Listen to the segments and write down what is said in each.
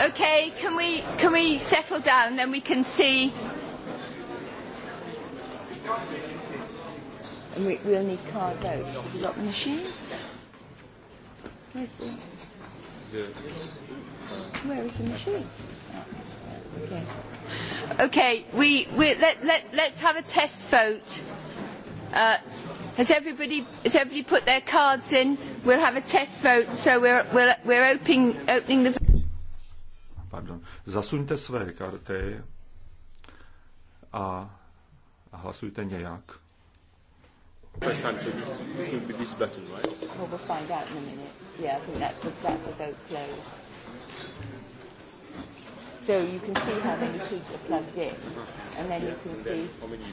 Okay, can we can we settle down then we can see and we, we'll need cards out. Have you got the machine? Where's the, where is the machine? Okay. Okay, we, we let, let, let's have a test vote. Uh, Has everybody, has everybody put their cards in? We'll have a test vote, so we're, we're, we're opening, opening the... Pardon. Zasuňte své karty a hlasujte nějak. First time so should be this button, right? Well, we'll find out in a minute. Yeah, I think that's the, that's the vote closed. So you can see how many sheep are plugged in, and then you can see,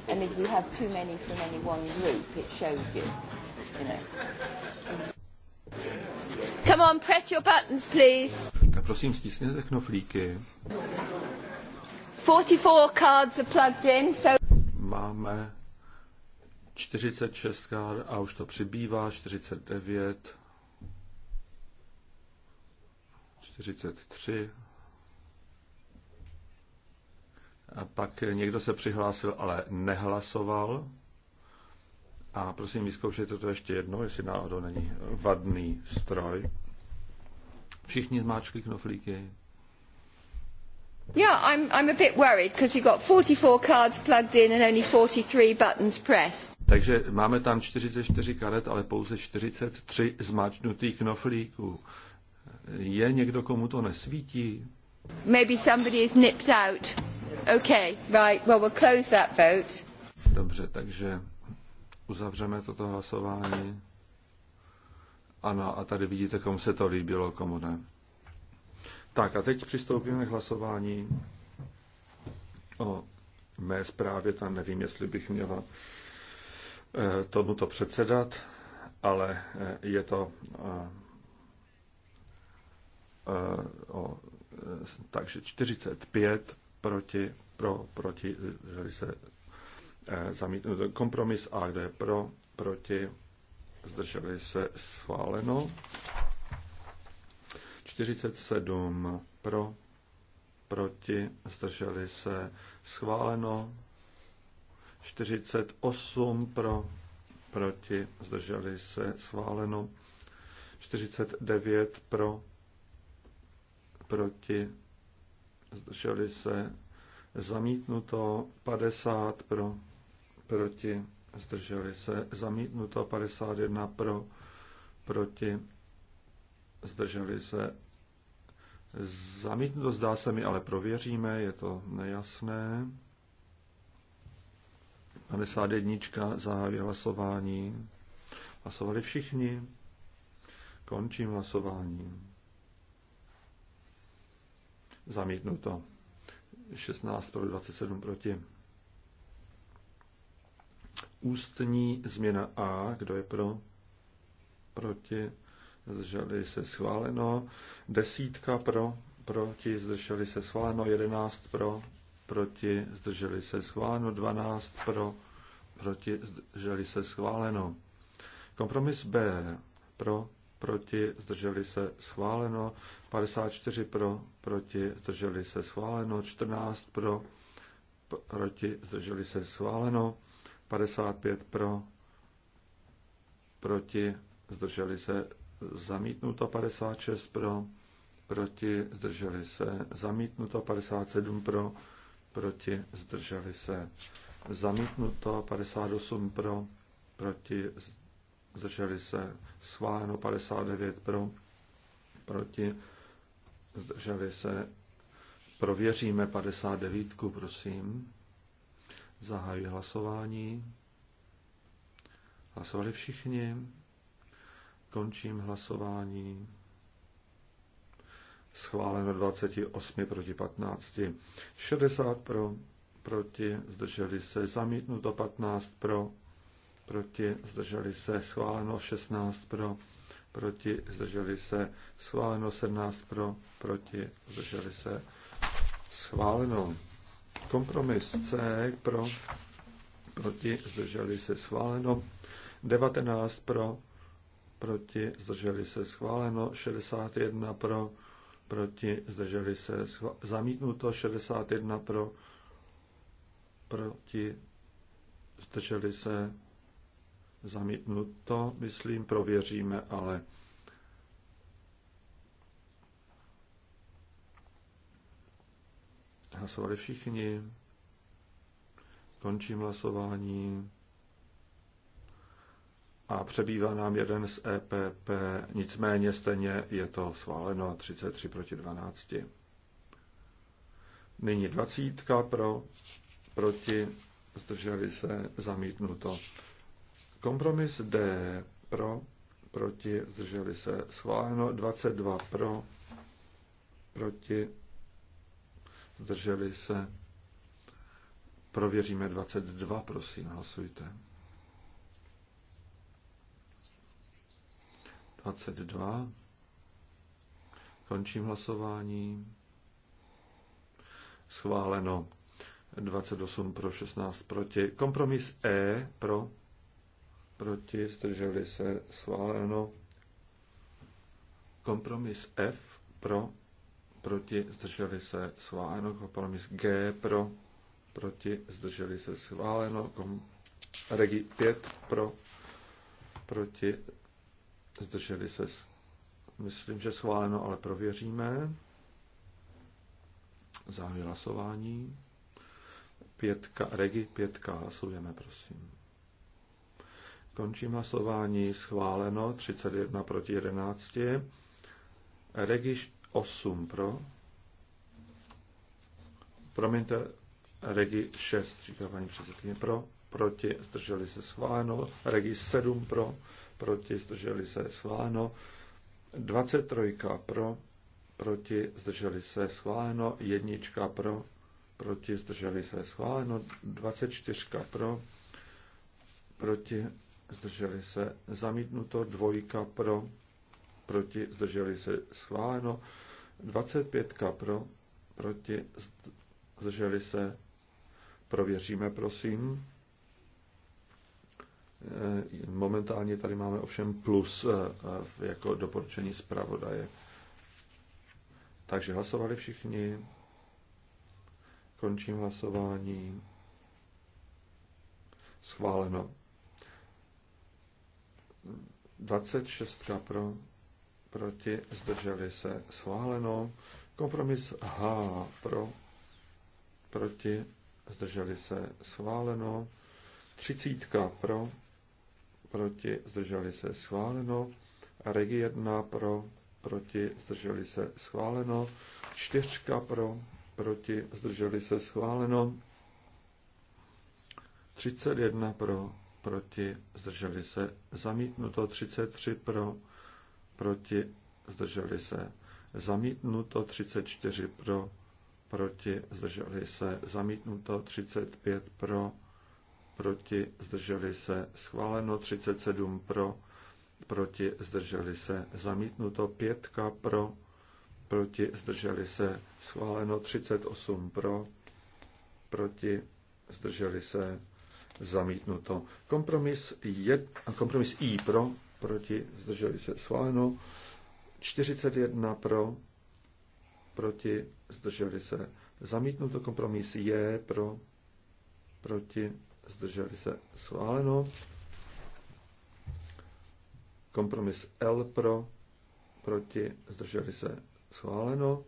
and if you have too many from any one group, it shows you, you know. Come on, press your buttons, please. Tak prosím, stiskněte knoflíky. 44 cards are plugged in, so... Máme 46 kár a už to přibývá, 49, 43, a pak někdo se přihlásil, ale nehlasoval. A prosím, vyzkoušejte to ještě jednou, jestli náhodou není vadný stroj. Všichni zmáčkli knoflíky. Yeah, I'm, I'm a bit worried because we've got 44 cards plugged in and only 43 buttons pressed. Takže máme tam 44 karet, ale pouze 43 zmáčnutých knoflíků. Je někdo, komu to nesvítí? Maybe somebody is nipped out. Okay, right. Well, we'll close that vote. Dobře, takže uzavřeme toto hlasování. Ano, a tady vidíte, komu se to líbilo, komu ne. Tak a teď přistoupíme k hlasování o mé zprávě. Tam nevím, jestli bych měla eh, tomuto předsedat, ale eh, je to eh, o takže 45 proti, pro, proti, zdrželi se eh, zamítnout kompromis A, kde je pro, proti, zdrželi se schváleno. 47 pro, proti, zdrželi se schváleno. 48 pro, proti, zdrželi se schváleno. 49 pro, proti, zdrželi se, zamítnuto 50 pro, proti, zdrželi se, zamítnuto 51 pro, proti, zdrželi se, zamítnuto zdá se mi, ale prověříme, je to nejasné. 51. zahájí hlasování. Hlasovali všichni. Končím hlasování. Zamítnuto. 16 pro 27 proti. Ústní změna A. Kdo je pro? Proti. Zdrželi se schváleno. Desítka pro. Proti. Zdrželi se schváleno. 11 pro. Proti. Zdrželi se schváleno. 12 pro. Proti. Zdrželi se schváleno. Kompromis B. Pro proti, zdrželi se schváleno, 54 pro, proti, zdrželi se schváleno, 14 pro, proti, zdrželi se schváleno, 55 pro, proti, zdrželi se zamítnuto, 56 pro, proti, zdrželi se zamítnuto, 57 pro, proti, zdrželi se zamítnuto, 58 pro, proti, zdrželi se schváleno 59 pro, proti, zdrželi se, prověříme 59, prosím. Zahajuji hlasování. Hlasovali všichni. Končím hlasování. Schváleno 28 proti 15. 60 pro, proti, zdrželi se, zamítnuto 15 pro, proti, zdrželi se, schváleno 16 pro, proti, zdrželi se, schváleno 17 pro, proti, zdrželi se, schváleno. Kompromis C pro, proti, zdrželi se, schváleno 19 pro, proti, zdrželi se, schváleno 61 pro, proti, zdrželi se, schváleno. zamítnuto 61 pro, proti, zdrželi se, zamítnuto, myslím, prověříme, ale hlasovali všichni. Končím hlasování. A přebývá nám jeden z EPP, nicméně stejně je to sváleno 33 proti 12. Nyní 20 pro, proti, zdrželi se, zamítnuto. Kompromis D pro, proti, zdrželi se schváleno, 22 pro, proti, zdrželi se. Prověříme 22, prosím, hlasujte. 22. Končím hlasování. Schváleno 28 pro 16 proti. Kompromis E pro proti, zdrželi se, schváleno. Kompromis F pro, proti, zdrželi se, schváleno. Kompromis G pro, proti, zdrželi se, schváleno. Kom- Regi 5 pro, proti, zdrželi se, myslím, že schváleno, ale prověříme. Zahájí hlasování. Pětka, Regi pětka, hlasujeme, prosím. Končím hlasování. Schváleno 31 proti 11. Regiš 8 pro. Promiňte, Regi 6, říká paní předsedkyně, pro, proti, zdrželi se schváleno, Regi 7 pro, proti, zdrželi se schváleno, 23 pro, proti, zdrželi se schváleno, jednička pro, proti, zdrželi se schváleno, 24 pro, proti, zdrželi se, zamítnuto, dvojka pro, proti, zdrželi se, schváleno, 25 pro, proti, zdrželi se, prověříme, prosím. Eh, momentálně tady máme ovšem plus eh, jako doporučení zpravodaje. Takže hlasovali všichni. Končím hlasování. Schváleno. 26 pro, proti, zdrželi se, schváleno. Kompromis H pro, proti, zdrželi se, schváleno. 30 pro, proti, zdrželi se, schváleno. Regi 1 pro, proti, zdrželi se, schváleno. 4 pro, proti, zdrželi se, schváleno. 31 pro, proti, zdrželi se, zamítnuto 33 pro, proti, zdrželi se, zamítnuto 34 pro, proti, zdrželi se, zamítnuto 35 pro, proti, zdrželi se, schváleno 37 pro, proti, zdrželi se, zamítnuto 5 pro, proti, zdrželi se, schváleno 38 pro, proti, zdrželi se, zamítnuto. Kompromis, jed, kompromis I pro, proti, zdrželi se, schváleno. 41 pro, proti, zdrželi se, zamítnuto. Kompromis J pro, proti, zdrželi se, schváleno. Kompromis L pro, proti, zdrželi se, schváleno.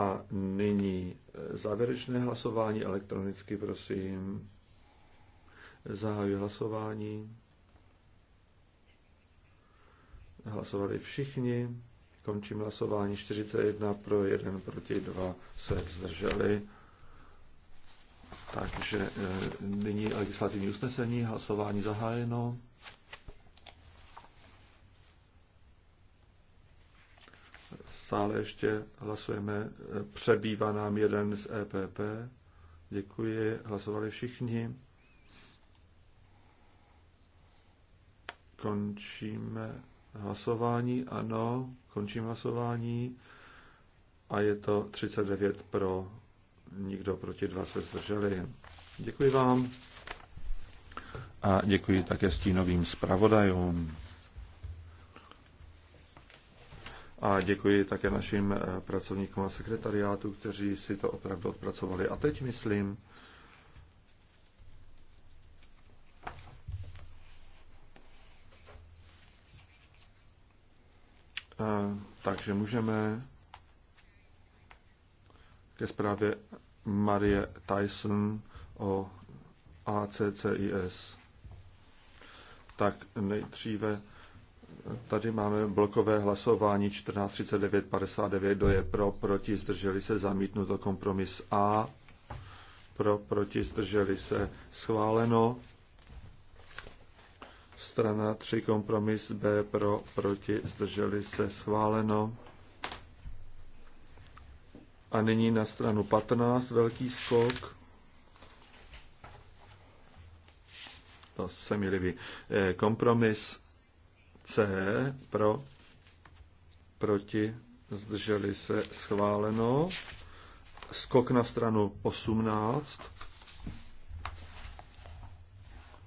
A nyní eh, závěrečné hlasování elektronicky, prosím. Zahajuji hlasování. Hlasovali všichni. Končím hlasování 41 pro 1 proti 2 se zdrželi. Takže eh, nyní legislativní usnesení, hlasování zahájeno. Stále ještě hlasujeme přebývá nám jeden z EPP. Děkuji, hlasovali všichni. Končíme hlasování, ano, končím hlasování a je to 39 pro, nikdo proti dva se zdrželi. Děkuji vám. A děkuji také stínovým zpravodajům. a děkuji také našim eh, pracovníkům a sekretariátu, kteří si to opravdu odpracovali. A teď myslím, eh, takže můžeme ke zprávě Marie Tyson o ACCIS. Tak nejdříve Tady máme blokové hlasování 143959 kdo je pro, proti, zdrželi se, zamítnuto kompromis A, pro, proti, zdrželi se, schváleno. Strana 3, kompromis B, pro, proti, zdrželi se, schváleno. A nyní na stranu 15, velký skok. To se mi líbí. Eh, kompromis C pro, proti, zdrželi se, schváleno. Skok na stranu 18.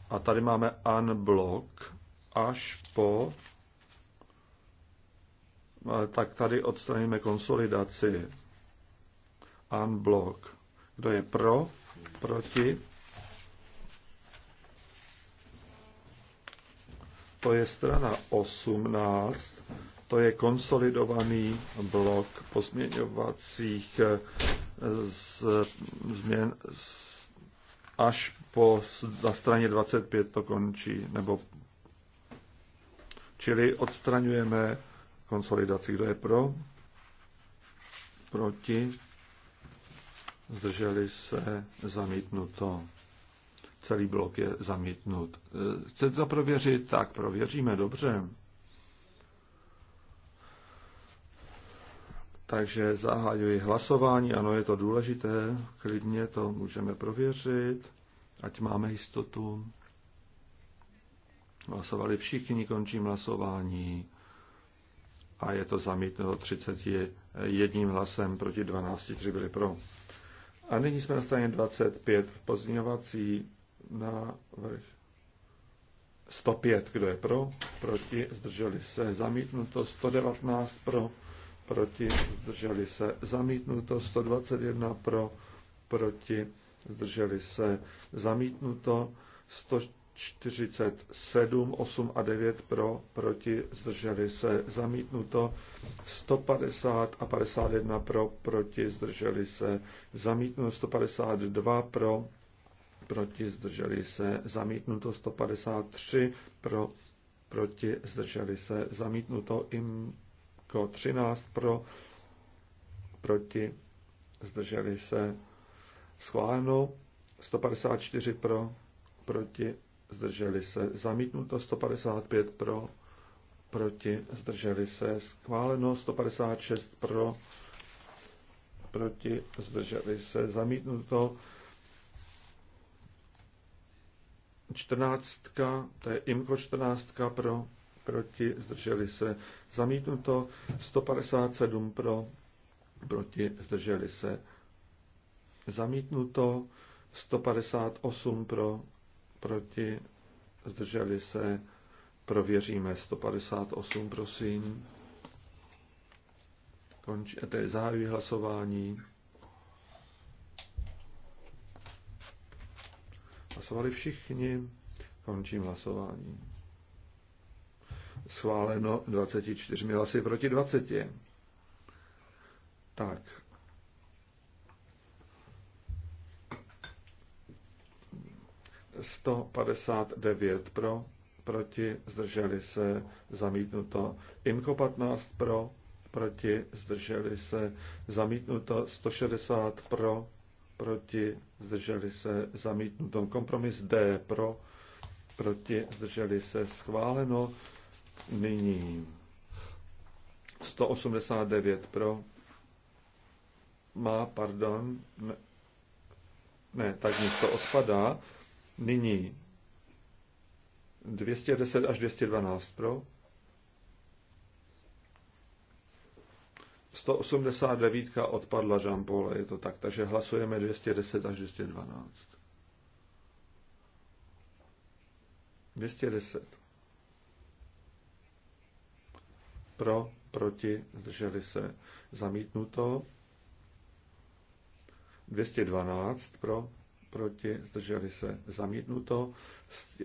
A tady máme unblock až po tak tady odstraníme konsolidaci. Unblock. Kdo je pro? Proti? to je strana 18, to je konsolidovaný blok pozměňovacích eh, z, změn z, až po, na straně 25 to končí, nebo čili odstraňujeme konsolidaci. Kdo je pro? Proti? Zdrželi se zamítnuto celý blok je zamítnut. Eh, chcete to prověřit? Tak, prověříme, dobře. Takže zahajuji hlasování, ano, je to důležité, klidně to můžeme prověřit, ať máme jistotu. Hlasovali všichni, končím hlasování a je to zamítnuto 31 hlasem proti 12, kteří byli pro. A nyní jsme na straně 25 pozměňovací vrch. 105, kdo je pro, proti, zdrželi se, zamítnuto 119 pro, proti, zdrželi se, zamítnuto 121 pro, proti, zdrželi se, zamítnuto 147, 8 a 9 pro, proti, zdrželi se, zamítnuto 150 a 51 pro, proti, zdrželi se, zamítnuto 152 pro, proti, zdrželi se, zamítnuto 153, pro, proti, zdrželi se, zamítnuto IMKO 13, pro, proti, zdrželi se, schváleno 154 pro, proti, zdrželi se, zamítnuto 155 pro, proti, zdrželi se, schváleno 156 pro, proti, zdrželi se, zamítnuto čtrnáctka, to je IMKO čtrnáctka pro, proti, zdrželi se, zamítnuto, 157 pro, proti, zdrželi se, zamítnuto, 158 pro, proti, zdrželi se, prověříme, 158, prosím. Končí, to je zahajují hlasování. Hlasovali všichni. Končím hlasování. Schváleno 24 hlasy proti 20. Tak. Sto padesát devět pro, proti, zdrželi se, zamítnuto. Imko 15 pro, proti, zdrželi se, zamítnuto. 160 pro, proti, zdrželi se zamítnuto. Kompromis D pro, proti, zdrželi se schváleno. Nyní 189 pro, má, pardon, ne, ne tak nic to odpadá. Nyní 210 až 212 pro, 189 odpadla jean -Paul, je to tak, takže hlasujeme 210 až 212. 210. Pro, proti, zdrželi se, zamítnuto. 212 pro, proti, zdrželi se, zamítnuto.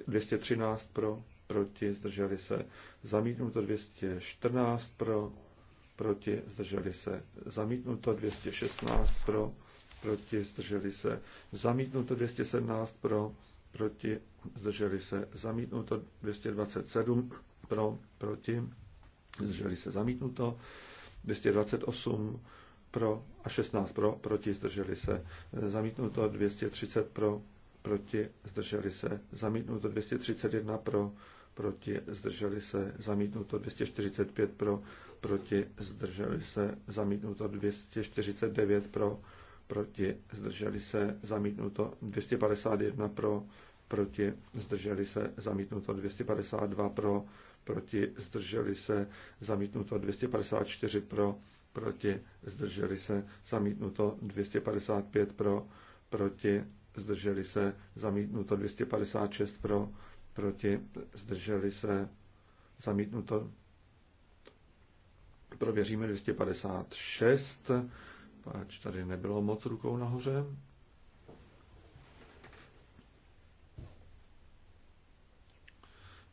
213 pro, proti, zdrželi se, zamítnuto. 214 pro, proti, zdrželi se, zamítnuto 216 pro, proti, zdrželi se, zamítnuto 217 pro, proti, zdrželi se, zamítnuto 227 pro, proti, zdrželi se, zamítnuto 228 pro a 16 pro, proti, zdrželi se, zamítnuto 230 pro, proti, zdrželi se, zamítnuto 231 pro, proti, zdrželi se, zamítnuto 245 pro, proti, zdrželi se, zamítnuto 249 pro, proti, zdrželi se, zamítnuto 251 pro, proti, zdrželi se, zamítnuto 252 pro, proti, zdrželi se, zamítnuto 254 pro, proti, zdrželi se, zamítnuto 255 pro, proti, zdrželi se, zamítnuto 256 pro, proti, zdrželi se, zamítnuto. Prověříme 256, páč tady nebylo moc rukou nahoře.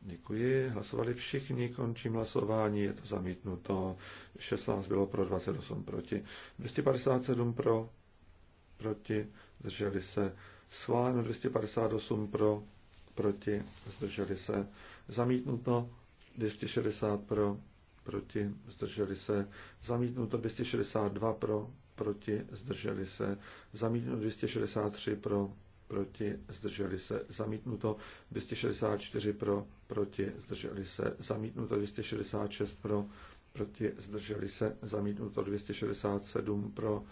Děkuji. Hlasovali všichni, končím hlasování, je to zamítnuto. 16 bylo pro, 28 proti. 257 pro, proti, zdrželi se. Schváleno 258 pro, proti, zdrželi se, zamítnuto 260 pro, proti, zdrželi se, zamítnuto 262 pro, proti, zdrželi se, zamítnuto 263 pro, proti, zdrželi se, zamítnuto 264 pro, proti, zdrželi se, zamítnuto 266 pro, proti, zdrželi se, zamítnuto 267 pro,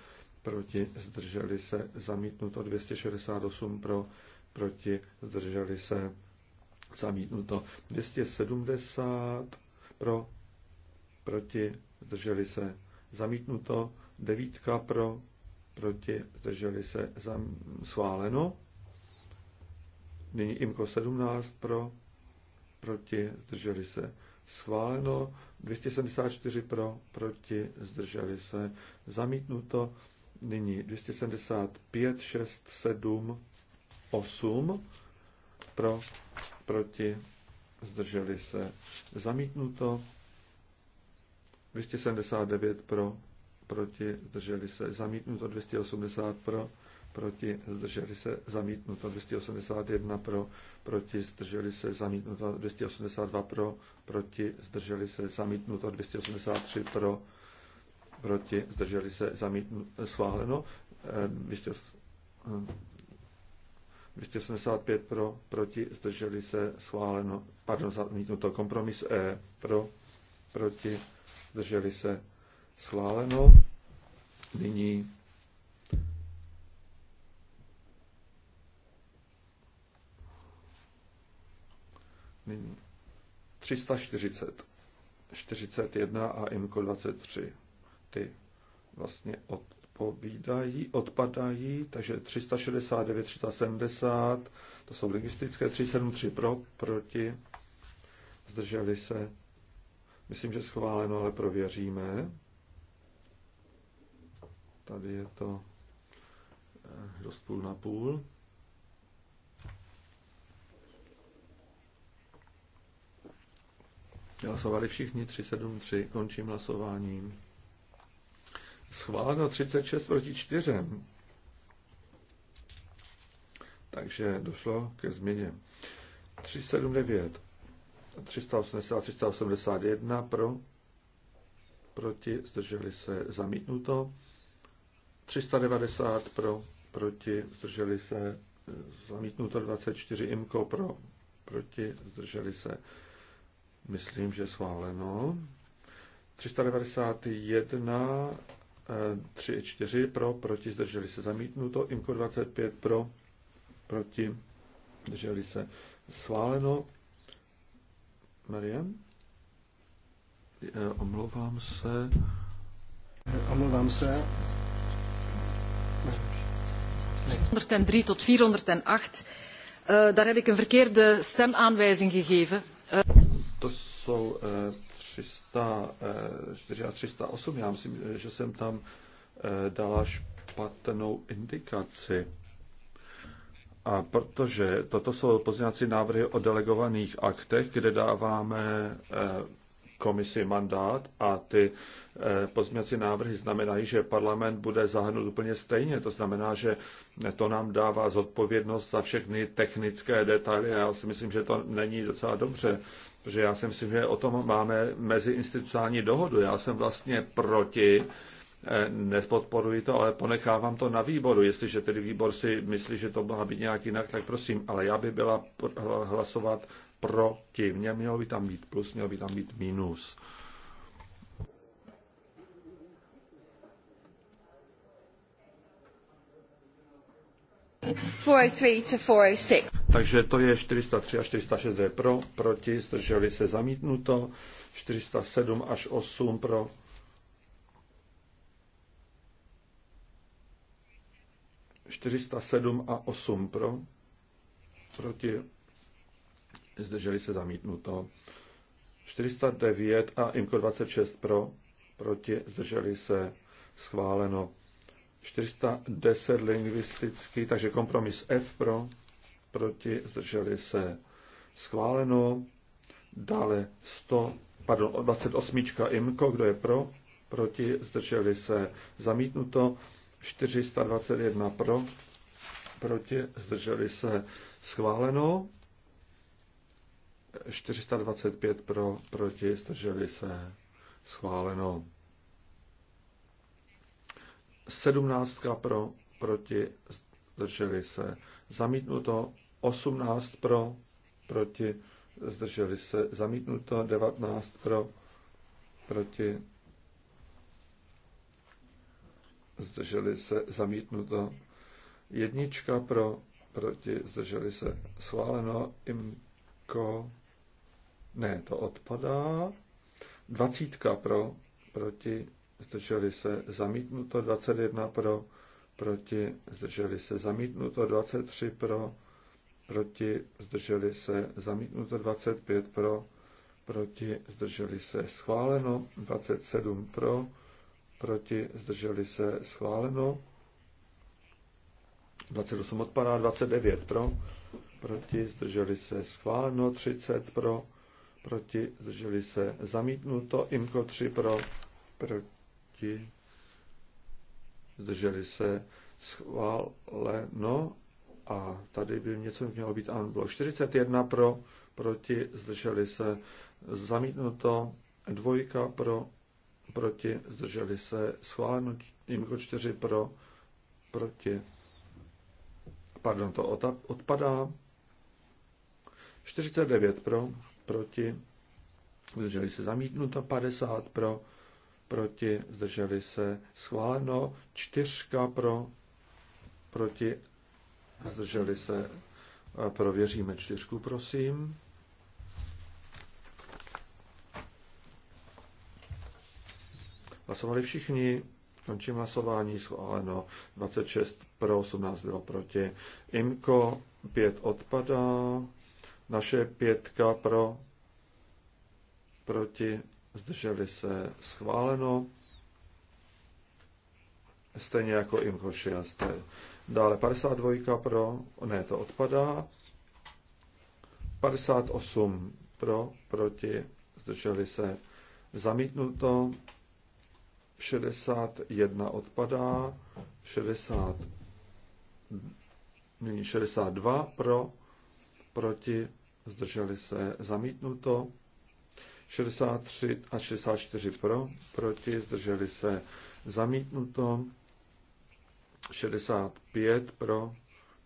proti, zdrželi se, zamítnuto 268 pro, proti, zdrželi se, zamítnuto. 270 pro, proti, zdrželi se, zamítnuto. 9 pro, proti, zdrželi se, zam, schváleno. Nyní IMKO 17 pro, proti, zdrželi se, schváleno. 274 pro, proti, zdrželi se, zamítnuto. Nyní 275, 6, 7 8 pro, proti, zdrželi se zamítnuto, 279 pro, proti, zdrželi se zamítnuto, 280 pro, proti, zdrželi se zamítnuto, 281 pro, proti, zdrželi se zamítnuto, 282 pro, proti, zdrželi se zamítnuto, 283 pro, proti, zdrželi se zamítnuto, schváleno, 200, eh, 285 pro, proti, zdrželi se, schváleno, pardon, zamítnuto, kompromis E, pro, proti, zdrželi se, schváleno. Nyní Nyní 340, 41 a IMCO 23. Ty vlastně od odpovídají, odpadají, takže 369, 370, to jsou logistické, 373 pro, proti, zdrželi se, myslím, že schváleno, ale prověříme. Tady je to eh, dost půl na půl. Hlasovali všichni 373, končím hlasováním. Schváleno 36 proti 4. Takže došlo ke změně. 379, 380, 381 pro, proti, zdrželi se zamítnuto. 390 pro, proti, zdrželi se zamítnuto 24 imko pro, proti, zdrželi se, myslím, že schváleno. 391 3, 4 pro, proti, zdrželi se zamítnuto, IMKO 25 pro, proti, zdrželi se sváleno Mariem? Omlouvám se. Omlouvám se. 103 tot 408. Uh, daar heb ik een verkeerde stemaanwijzing gegeven. Uh. To jsou uh, 304 eh, a 308. Já myslím, eh, že jsem tam eh, dala špatnou indikaci. A protože toto jsou pozměňovací návrhy o delegovaných aktech, kde dáváme komisi mandát a ty pozměňovací návrhy znamenají, že parlament bude zahrnut úplně stejně. To znamená, že to nám dává zodpovědnost za všechny technické detaily. Já si myslím, že to není docela dobře protože já si myslím, že o tom máme meziinstitucionální dohodu. Já jsem vlastně proti, eh, nepodporuji to, ale ponechávám to na výboru. Jestliže tedy výbor si myslí, že to má být nějak jinak, tak prosím, ale já by byla hlasovat proti. mělo by tam být plus, mělo by tam být minus. 403 406. Takže to je 403 a 406 je pro, proti, zdrželi se zamítnuto, 407 až 8 pro, 407 a 8 pro, proti, zdrželi se zamítnuto, 409 a IMCO 26 pro, proti, zdrželi se schváleno. 410 lingvistický, takže kompromis F pro, proti, zdrželi se schváleno. Dále 100, pardon, 28. IMKO, kdo je pro, proti, zdrželi se zamítnuto. 421 pro, proti, zdrželi se schváleno. 425 pro, proti, zdrželi se schváleno sedmnáctka pro, proti, zdrželi se. Zamítnuto 18 pro, proti, zdrželi se. Zamítnuto 19 pro, proti, zdrželi se. Zamítnuto jednička pro, proti, zdrželi se. Schváleno imko, ne, to odpadá. Dvacítka pro, proti, zdrželi se zamítnuto 21 pro, proti, zdrželi se zamítnuto 23 pro, proti, zdrželi se zamítnuto 25 pro, proti, zdrželi se schváleno 27 pro, proti, zdrželi se schváleno 28 odpadá 29 pro, proti, zdrželi se schváleno 30 pro, proti, zdrželi se zamítnuto, IMKO 3 pro, proti, proti, zdrželi se, schváleno a tady by něco mělo být bylo 41 pro, proti, zdrželi se, zamítnuto, dvojka pro, proti, zdrželi se, schváleno, jimko 4 pro, proti, pardon, to odpadá, 49 pro, proti, zdrželi se zamítnuto, 50 pro, proti, zdrželi se, schváleno, čtyřka pro, proti, zdrželi se, prověříme čtyřku, prosím. Hlasovali všichni, končím hlasování, schváleno 26 pro, 18 bylo proti. IMKO 5 odpadá, naše pětka pro, proti, zdrželi se schváleno, stejně jako IMCO 6. Dále 52 pro, ne, to odpadá, 58 pro, proti, zdrželi se zamítnuto, 61 odpadá, 60, nyní 62 pro, proti, zdrželi se zamítnuto, 63 a 64 pro, proti, zdrželi se zamítnuto, 65 pro,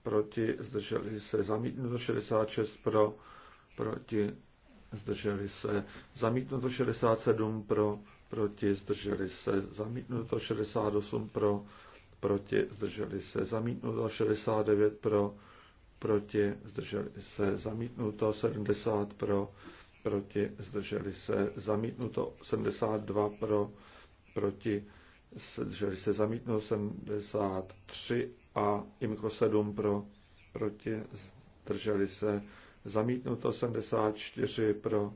proti, zdrželi se zamítnuto, 66 pro, proti, zdrželi se zamítnuto, 67 pro, proti, zdrželi se zamítnuto, 68 pro, proti, zdrželi se zamítnuto, 69 pro, proti, zdrželi se zamítnuto, 70 pro, proti, zdrželi se zamítnuto 72 pro, proti, zdrželi se zamítnuto 73 a IMCO 7 pro, proti, zdrželi se zamítnuto 74 pro,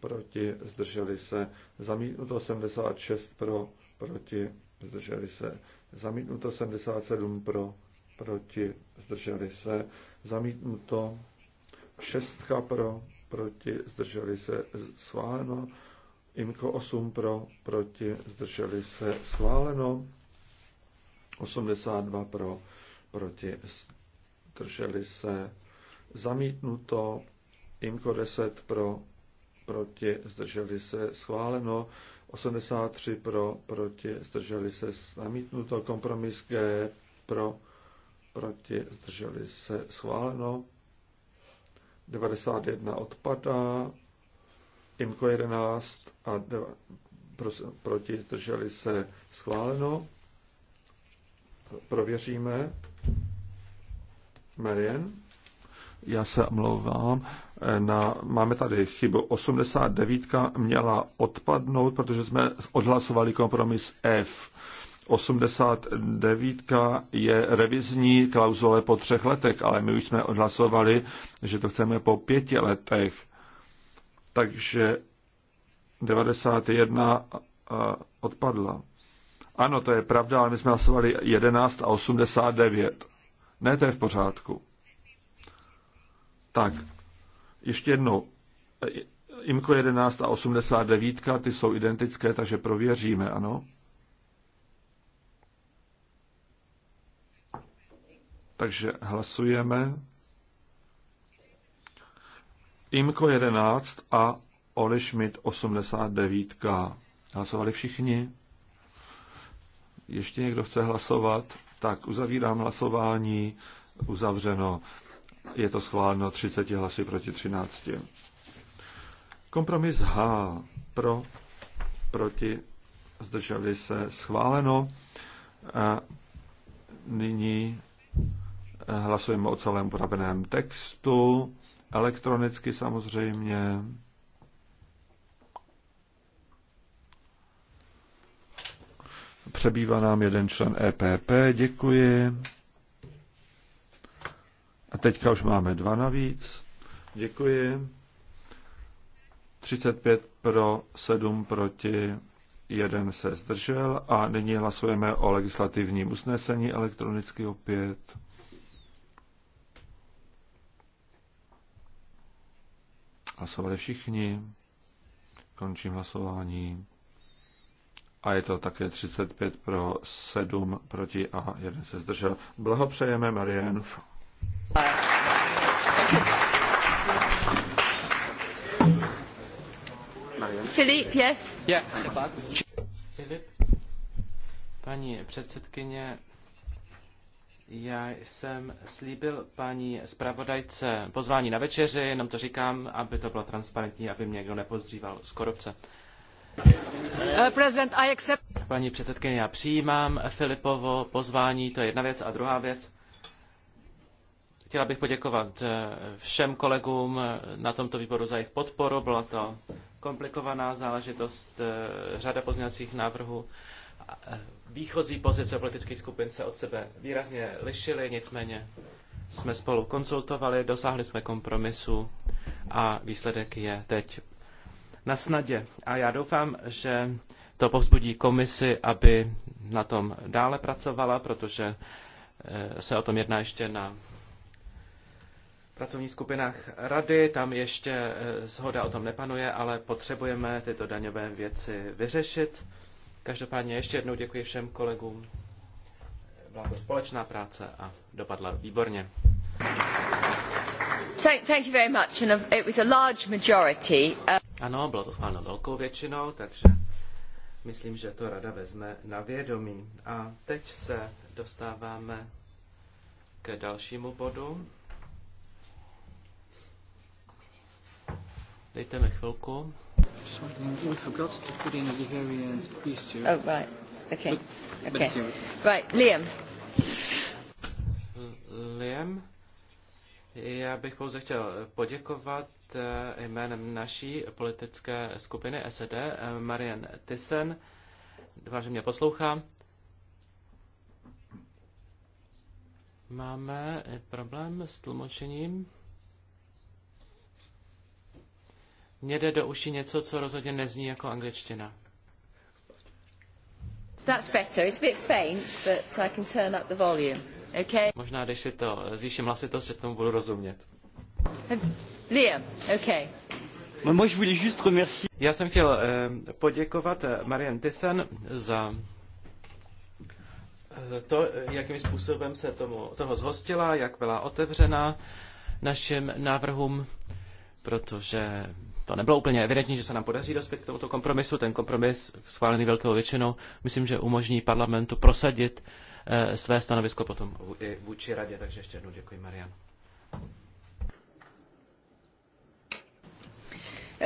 proti, zdrželi se zamítnuto 76 pro, proti, zdrželi se zamítnuto 77 pro, proti, zdrželi se zamítnuto šestka pro, proti, zdrželi se, schváleno. IMKO 8 pro, proti, zdrželi se, schváleno. 82 pro, proti, zdrželi se, zamítnuto. IMKO 10 pro, proti, zdrželi se, schváleno. 83 pro, proti, zdrželi se, zamítnuto. Kompromis G pro, proti, zdrželi se, schváleno. 91 odpadá, IMCO 11 a 2, pro, proti zdrželi se schváleno. Prověříme. Marian? Já se omlouvám. E, na, máme tady chybu. 89 měla odpadnout, protože jsme odhlasovali kompromis F. 89 je revizní klauzule po třech letech, ale my už jsme odhlasovali, že to chceme po pěti letech. Takže 91 odpadla. Ano, to je pravda, ale my jsme hlasovali 11 a 89. Ne, to je v pořádku. Tak, ještě jednou. IMCO 11 a 89, ty jsou identické, takže prověříme, ano. Takže hlasujeme. Imko 11 a Oli Schmidt 89. Hlasovali všichni? Ještě někdo chce hlasovat? Tak uzavírám hlasování. Uzavřeno. Je to schváleno 30 hlasy proti 13. Kompromis H pro, proti, zdrželi se schváleno. A nyní Hlasujeme o celém upraveném textu, elektronicky samozřejmě. Přebývá nám jeden člen EPP, děkuji. A teďka už máme dva navíc. Děkuji. 35 pro, 7 proti, 1 se zdržel a nyní hlasujeme o legislativním usnesení elektronicky opět. Hlasovali všichni. Končím hlasování. A je to také 35 pro 7 proti a jeden se zdržel. Blahopřejeme Marianu. Filip, yes. Yeah. Filip, paní předsedkyně, já jsem slíbil paní zpravodajce pozvání na večeři, jenom to říkám, aby to bylo transparentní, aby mě někdo nepozdříval z korupce. Eh, paní předsedkyně, já přijímám Filipovo pozvání, to je jedna věc. A druhá věc, chtěla bych poděkovat eh, všem kolegům eh, na tomto výboru za jejich podporu. Byla to komplikovaná záležitost, řada pozměňovacích návrhů výchozí pozice politických skupin se od sebe výrazně lišily, nicméně jsme spolu konzultovali, dosáhli jsme kompromisu a výsledek je teď na snadě. A já doufám, že to povzbudí komisi, aby na tom dále pracovala, protože eh, se o tom jedná ještě na pracovních skupinách rady, tam ještě zhoda eh, o tom nepanuje, ale potřebujeme tyto daňové věci vyřešit Každopádně ještě jednou děkuji všem kolegům. Byla to společná práce a dopadla výborně. Thank, you very much. And it was a large majority. Uh, ano, bylo to schváleno velkou většinou, takže myslím, že to rada vezme na vědomí. A teď se dostáváme k dalšímu bodu. Dejte mi chvilku. Something we forgot to put in the very end. Oh, right. Okay. But, okay. But right, Liam. Liam, já bych pouze chtěl poděkovat eh, jménem naší politické skupiny SED, eh, Marian Tysen. Doufám, že mě poslouchá. Máme problém s tlumočením. Mně jde do uší něco, co rozhodně nezní jako angličtina. That's better. It's a bit faint, but I can turn up the volume. Okay? Možná, když si to zvýším hlasitost, se tomu budu rozumět. Liam, okay. Moi, je voulais juste remercier. Já jsem chtěl eh, poděkovat eh, Marian Tyson za eh, to, eh, jakým způsobem se tomu, toho zhostila, jak byla otevřena našim návrhům, protože to nebylo úplně evidentní, že se nám podaří dospět k tomuto kompromisu. Ten kompromis, schválený velkou většinou, myslím, že umožní parlamentu prosadit eh, své stanovisko potom i vůči radě. Takže ještě jednou děkuji, Marian.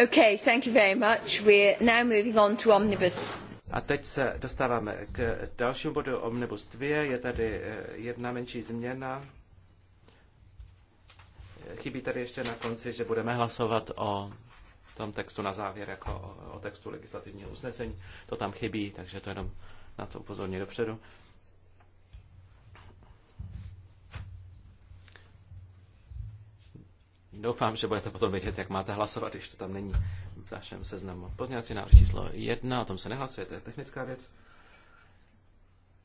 Okay, thank you very much. We're now moving on to omnibus. A teď se dostáváme k dalšímu bodu Omnibus 2. Je tady eh, jedna menší změna. Chybí tady ještě na konci, že budeme hlasovat o v tom textu na závěr jako o, o textu legislativního usnesení. To tam chybí, takže to jenom na to upozorně dopředu. Doufám, že budete potom vědět, jak máte hlasovat, když to tam není v našem seznamu. Pozměňovací návrh číslo 1, o tom se nehlasuje, to je technická věc.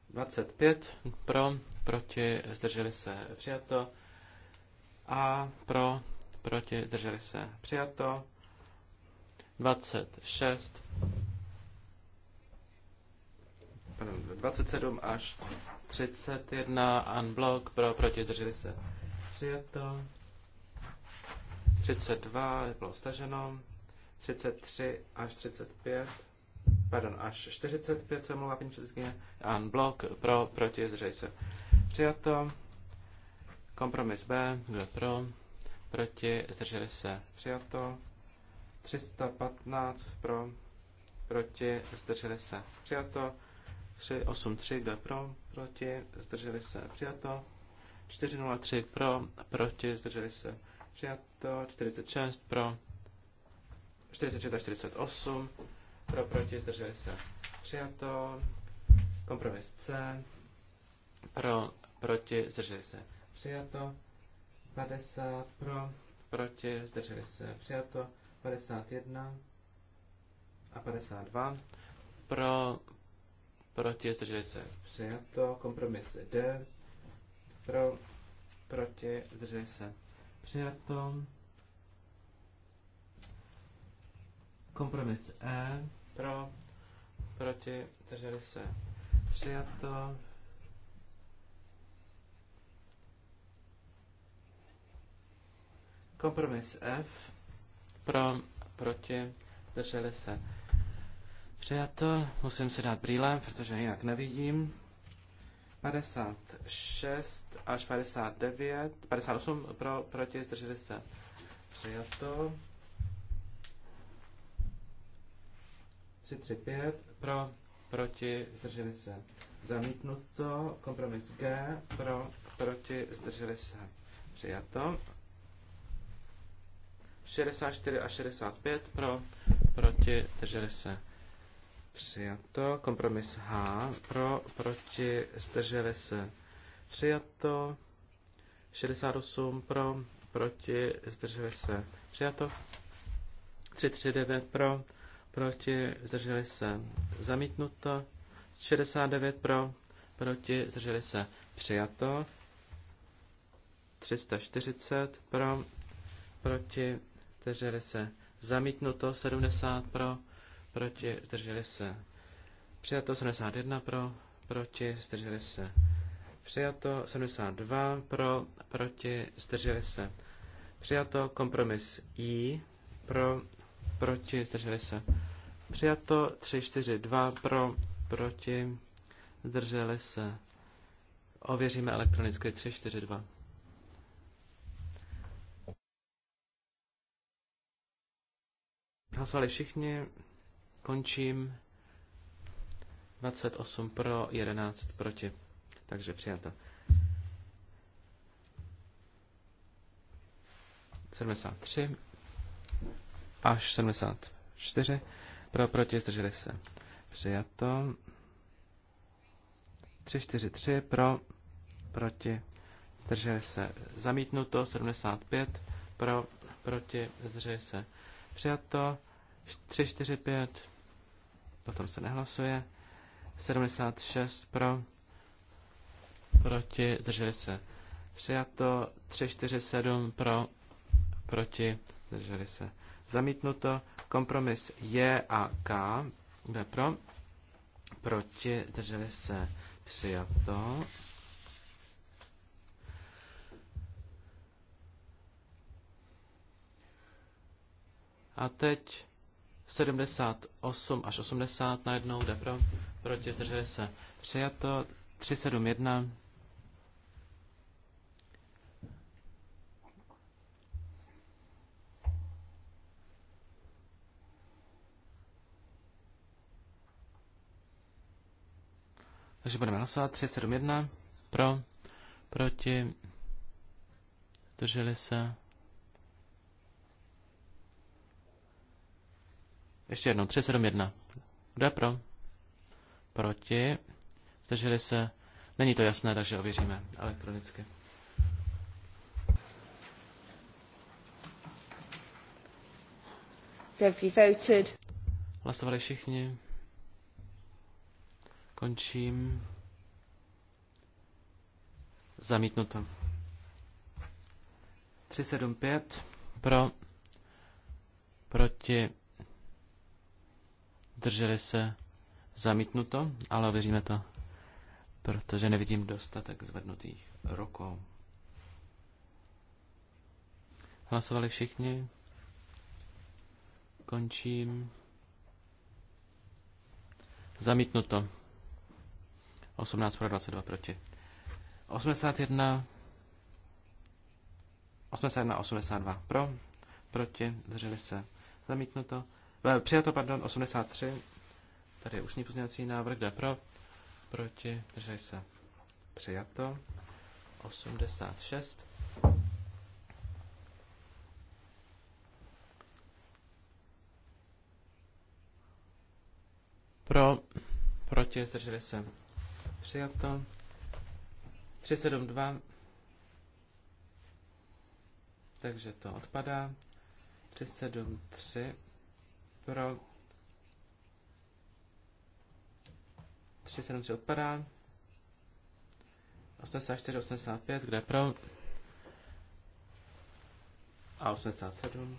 25 pro, proti, zdrželi se, přijato. A pro, proti, zdrželi se, přijato. 26, pardon, 27 až 31 unblock pro proti zdrželi se přijato. 32 bylo staženo. 33 až 35 pardon, až 45 se mluvá paní předsedkyně. Unblock pro proti zdrželi se přijato. Kompromis B, kdo pro, proti, zdrželi se, přijato. 315 pro, proti, zdrželi se, přijato. 383, kdo pro, proti, zdrželi se, přijato. 403 pro, proti, zdrželi se, přijato. 46 pro, 46 a 48 pro, proti, zdrželi se, přijato. Kompromis C, pro, proti, zdrželi se, přijato. 50 pro, proti, zdrželi se, přijato. 51 a 52. Pro, proti, zdrželi se. Přijato, kompromis D. Pro, proti, zdrželi se. Přijato. Kompromis E. Pro, proti, zdrželi se. Přijato. Kompromis F pro, proti, drželi se. Přijato, musím si dát brýle, protože jinak nevidím. 56 až 59, 58 pro, proti, zdrželi se. Přijato. 335 pro, proti, zdrželi se. Zamítnuto, kompromis G, pro, proti, zdrželi se. Přijato. 64 a 65 pro, proti, zdrželi se přijato. Kompromis H pro, proti, zdrželi se přijato. 68 pro, proti, zdrželi se přijato. 339 pro, proti, zdrželi se zamítnuto. 69 pro, proti, zdrželi se přijato. 340 pro, proti, zdrželi se zamítnuto, 70 pro, proti, zdrželi se přijato, 71 pro, proti, zdrželi se přijato, 72 pro, proti, zdrželi se přijato, kompromis I pro, proti, zdrželi se přijato, 3, 4, 2 pro, proti, zdrželi se. Ověříme elektronicky 3, 4, 2. Hlasovali všichni. Končím. 28 pro, 11 proti. Takže přijato. 73 až 74. Pro, proti, zdrželi se. Přijato. 343 pro, proti, zdrželi se. Zamítnuto. 75 pro, proti, zdrželi se. Přijato. 3, 4, 5, o tom se nehlasuje, 76 pro, proti, zdrželi se. Přijato 3, 4, 7 pro, proti, zdrželi se. Zamítnuto, kompromis J a K, kde pro, proti, zdrželi se. Přijato. A teď 78 až 80 na jednou jde pro, proti, zdrželi se přijato, 371 Takže budeme hlasovat 371 pro, proti, zdrželi se Ještě jednou, 371. Kdo je pro? Proti. Zdrželi se. Není to jasné, takže ověříme elektronicky. voted. Hlasovali všichni. Končím. Zamítnuto. 375 pro, proti zdrželi se, zamítnuto, ale věříme to, protože nevidím dostatek zvednutých rukou. Hlasovali všichni. Končím. Zamítnuto. 18 pro 22 proti. 81 81 82 pro, proti, drželi se. Zamítnuto. Eh, přijato, pardon, 83. Tady je ústní pozměňovací návrh, jde pro, proti, držej se. Přijato. 86. Pro, proti, zdrželi se. Přijato. 372. Takže to odpadá. 373 pro 373 odpadá. 84, 85, kde pro? A 87,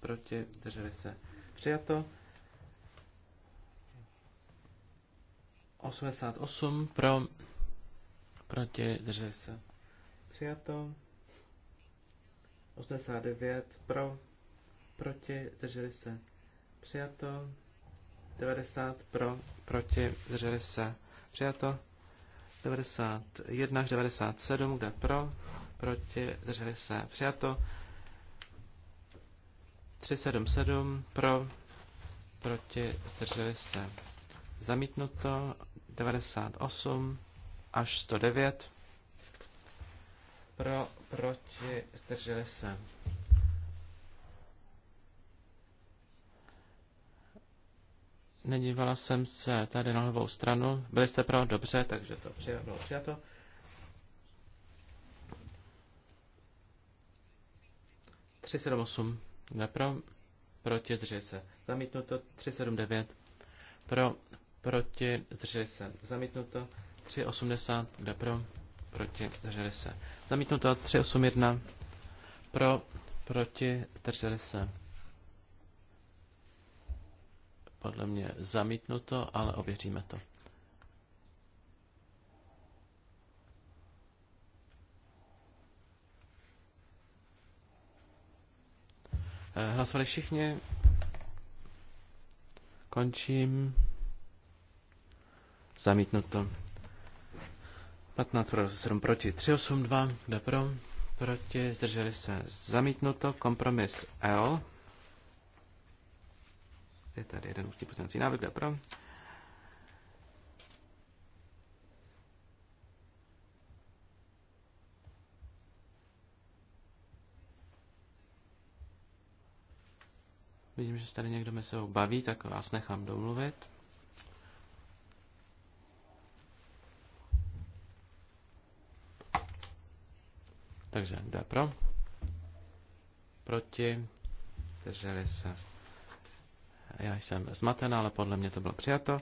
proti, drželi se přijato. 88 pro, proti, drželi se přijato. 89 pro, proti, drželi se Přijato. 90 pro, proti, zdrželi se. Přijato. 91 až 97, kde pro, proti, zdrželi se. Přijato. 377 pro, proti, zdrželi se. Zamítnuto 98 až 109. Pro, proti, zdrželi se. Nedívala jsem se tady na levou stranu. Byli jste pro? Dobře, takže to bylo přijato. Tři sedm osm. pro. Proti zdrželi se. Zamítnuto. Tři sedm devět. Pro. Proti zdrželi se. Zamítnuto. Tři osmdesát. Ne pro? Proti zdrželi se. Zamítnuto. Tři osm jedna. Pro. Proti zdrželi se podle mě zamítnuto, ale ověříme to. Eh, hlasovali všichni. Končím. Zamítnuto. 15 pro 7 proti 3, 382. Kdo pro? Proti. Zdrželi se. Zamítnuto. Kompromis L. Je tady jeden ústní pozměňovací návrh, kde pro. Vidím, že se tady někdo mezi sebou baví, tak vás nechám domluvit. Takže kdo je pro? Proti? Drželi se. Já jsem zmatená, ale podle mě to bylo přijato.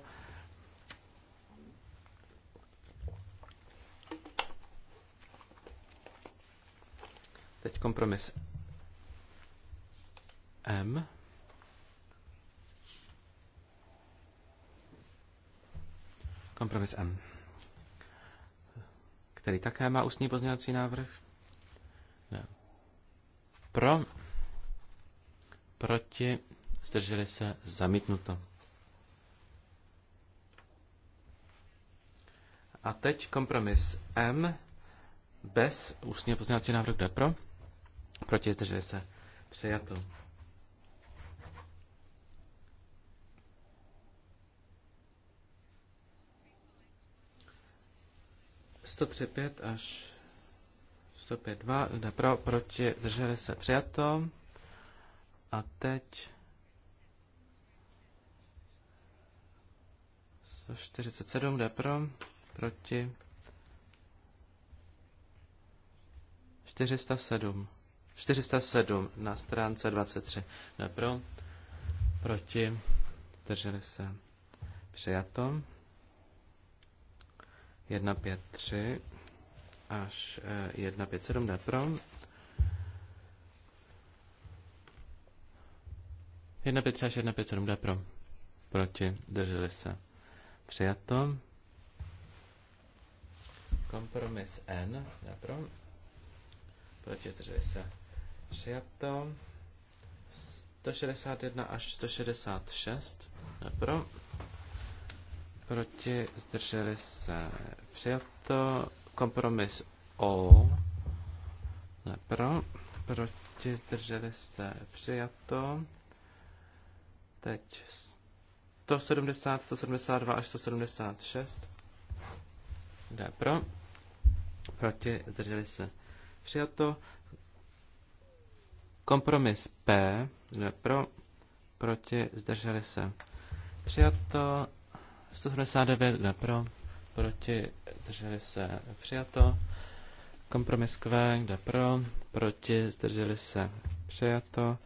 Teď kompromis M. Kompromis M, který také má ústní pozměňovací návrh. Ne. Pro, proti, zdrželi se, zamítnuto. A teď kompromis M bez ústního pozměňovacího návrh D pro? Proti zdrželi se, přijato. Sto tři pět až 105.2, kde pro, proti, drželi se přijato. A teď 147 jde pro, proti 407. 407 na stránce 23 jde pro, proti drželi se přijato. 153 až 157 eh, jde pro. 1, až 1, jde pro. Proti, drželi se. Přijato. Kompromis N. Dobro. Proti zdrželi se. Přijato. 161 až 166. Dobro. Proti zdrželi se. Přijato. Kompromis O. Pro, proti zdrželi se přijato. Teď 170, 172 až 176. Kdo je pro? Proti, zdrželi se. Přijato. Kompromis P. Kdo je pro? Proti, zdrželi se. Přijato. 179, kdo je pro? Proti, zdrželi se. Přijato. Kompromis Q, kde pro, proti, zdrželi se, přijato.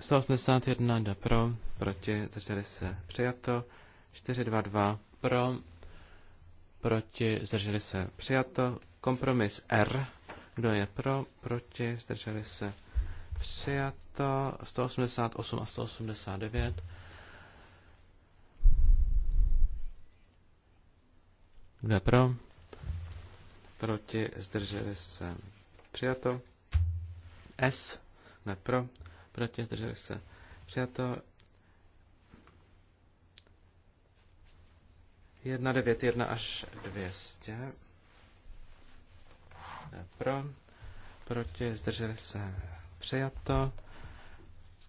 181, kde pro, proti, zdrželi se přijato, 422 pro, proti, zdrželi se přijato, kompromis R, kdo je pro, proti, zdrželi se přijato, 188 a 189. Kdo je pro? Proti, zdrželi se přijato. S, kdo je pro? Proti, zdrželi se přijato. 191 až 200. Pro, proti, zdrželi se přijato.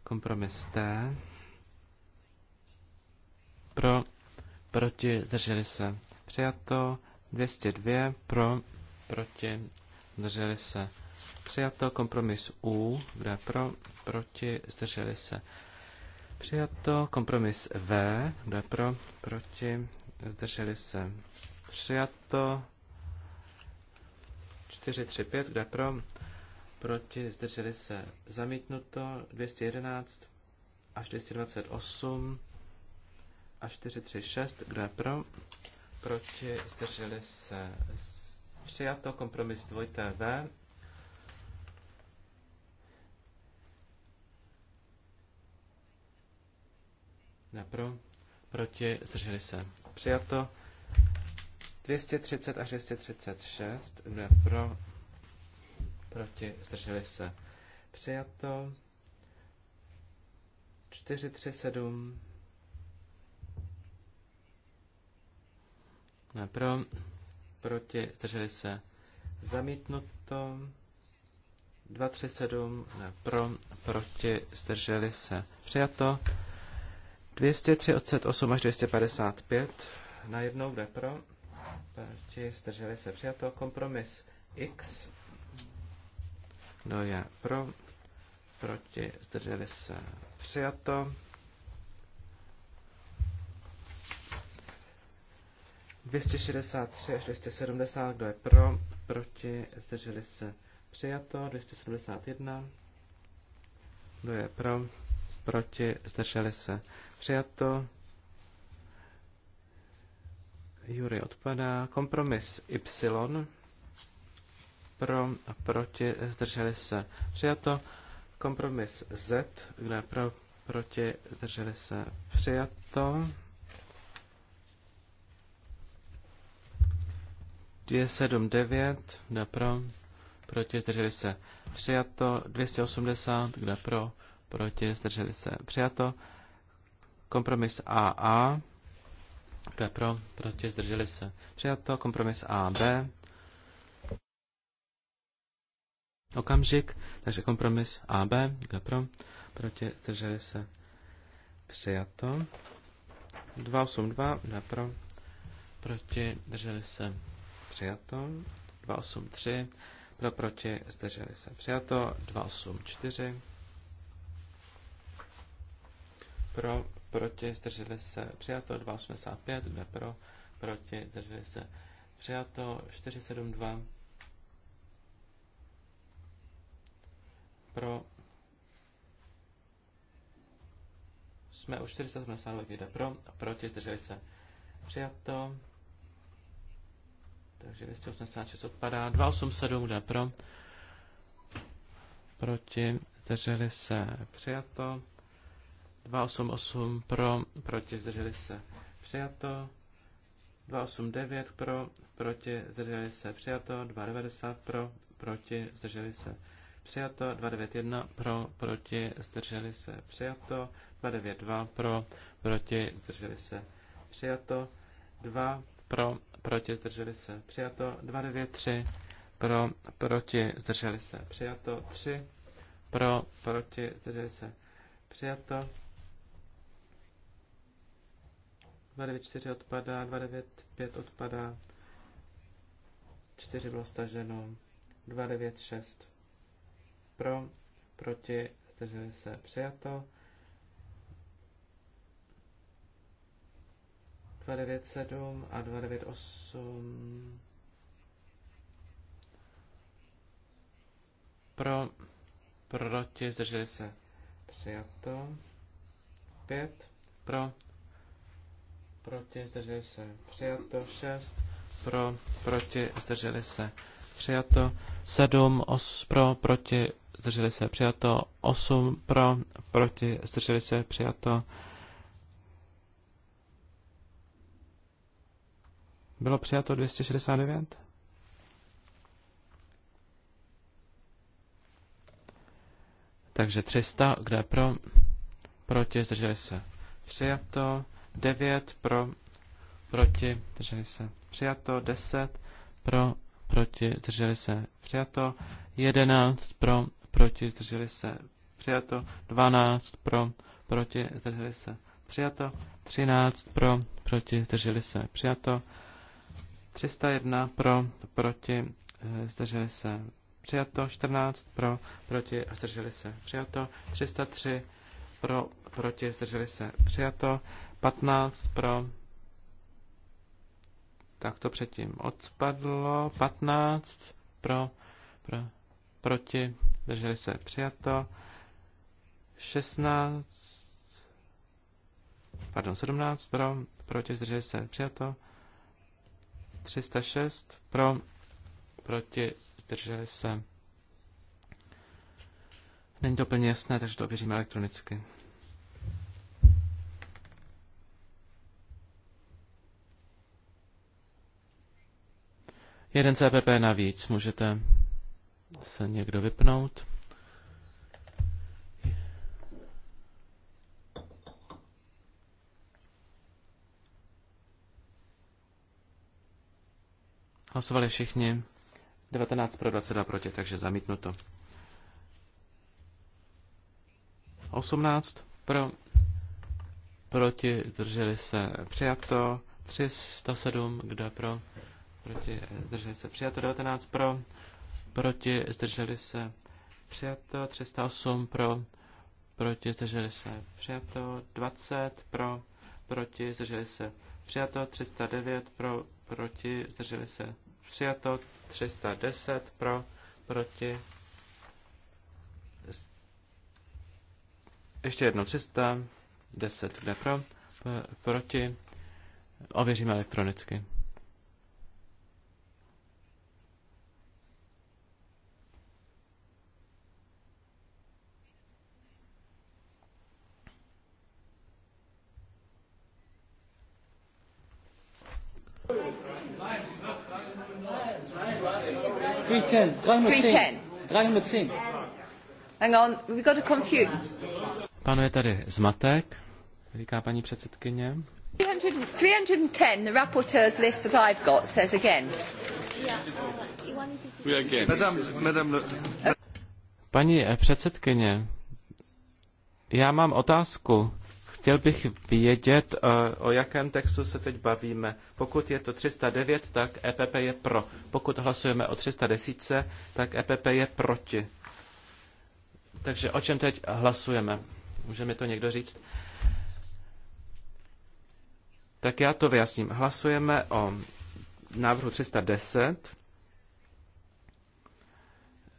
Kompromis T. Pro, proti, zdrželi se přijato. 202 pro, proti, zdrželi se přijato. Kompromis U, kde pro, proti, zdrželi se Přijato kompromis V, kdo je pro, proti, zdrželi se přijato. 435, kde pro, proti, zdrželi se zamítnuto, 211 až 228 a 436, kde pro, proti, zdrželi se přijato, kompromis 2TV. Kde pro, proti, zdrželi se přijato. 230 až 236, kdo je pro, proti, zdrželi se, přijato. 437, kdo je pro, proti, zdrželi se, zamítnuto. 237, kdo je pro, proti, zdrželi se, přijato. 238 až 255 jednou jde pro. Proti zdrželi se přijato. Kompromis X. Kdo je pro? Proti zdrželi se přijato. 263 až 270, kdo je pro, proti, zdrželi se přijato, 271, kdo je pro, proti, zdrželi se. Přijato. Jury odpadá. Kompromis Y. Pro a proti, zdrželi se. Přijato. Kompromis Z, kde pro, proti, zdrželi se. Přijato. 279, kde pro, proti, zdrželi se. Přijato. 280, kde pro, proti, zdrželi se, přijato. Kompromis AA, kdo je pro, proti, zdrželi se, přijato. Kompromis AB, okamžik, takže kompromis AB, kdo je pro, proti, zdrželi se, přijato. 282, kdo je pro, proti, zdrželi se, přijato. 283, pro, proti, zdrželi se, přijato. 284, pro, proti, zdrželi se, přijato, 285, 2 pro, proti, zdrželi se, přijato, 472, pro, jsme u 472, kde pro, proti, zdrželi se, přijato, takže 286 odpadá, 287 kde pro, proti, zdrželi se, přijato, 288 pro, proti zdrželi se přijato. 289 pro, proti zdrželi se přijato. 290 pro, proti zdrželi se přijato. 291 pro, proti zdrželi se přijato. 292 pro, proti zdrželi se přijato. 2 pro, proti zdrželi se přijato. 293 pro, proti zdrželi se přijato. 3 pro, proti zdrželi se přijato. 294 odpadá, 295 odpadá, 4 bylo staženo, 296 pro, proti, zdrželi se, přijato. 297 a 298 pro, proti, zdrželi se, přijato. 5 pro, proti, zdrželi se, přijato. 6 pro, proti, zdrželi se, přijato. 7 os, pro, proti, zdrželi se, přijato. 8 pro, proti, zdrželi se, přijato. Bylo přijato 269? Takže 300, kde pro, proti, zdrželi se. Přijato. 9 pro, proti, drželi se přijato, 10 pro, proti, drželi se přijato, 11 pro, proti, drželi se přijato, 12 pro, proti, drželi se přijato, 13 eh, pro, proti, zdrželi se přijato, 301 pro, proti, zdrželi se přijato, 14 pro, proti, zdrželi se přijato, 303 pro, proti, zdrželi se přijato, 15 pro. Tak to předtím odpadlo. 15 pro, pro proti. Drželi se přijato. 16 pardon, 17 pro, proti, zdrželi se přijato. 306 pro, proti, zdrželi se. Není to úplně jasné, takže to ověříme elektronicky. Jeden CPP navíc, můžete se někdo vypnout. Hlasovali všichni 19 pro 22 proti, takže zamítnuto. 18 pro, proti, zdrželi se přijato, 307, kdo pro, proti, zdrželi se přijato 19 pro, proti, zdrželi se přijato 308 pro, proti, zdrželi se přijato 20 pro, proti, zdrželi se přijato 309 pro, proti, zdrželi se přijato 310 pro, proti, ještě jedno 310 kde pro, proti, ověříme elektronicky. 310. 310. Hang on, got a Panuje tady zmatek, říká paní předsedkyně. 310, the rapporteur's list that I've got says against. We against. Madame, madame Paní předsedkyně, já mám otázku. Chtěl bych vědět, eh, o jakém textu se teď bavíme. Pokud je to 309, tak EPP je pro. Pokud hlasujeme o 310, tak EPP je proti. Takže o čem teď hlasujeme? Může mi to někdo říct? Tak já to vyjasním. Hlasujeme o návrhu 310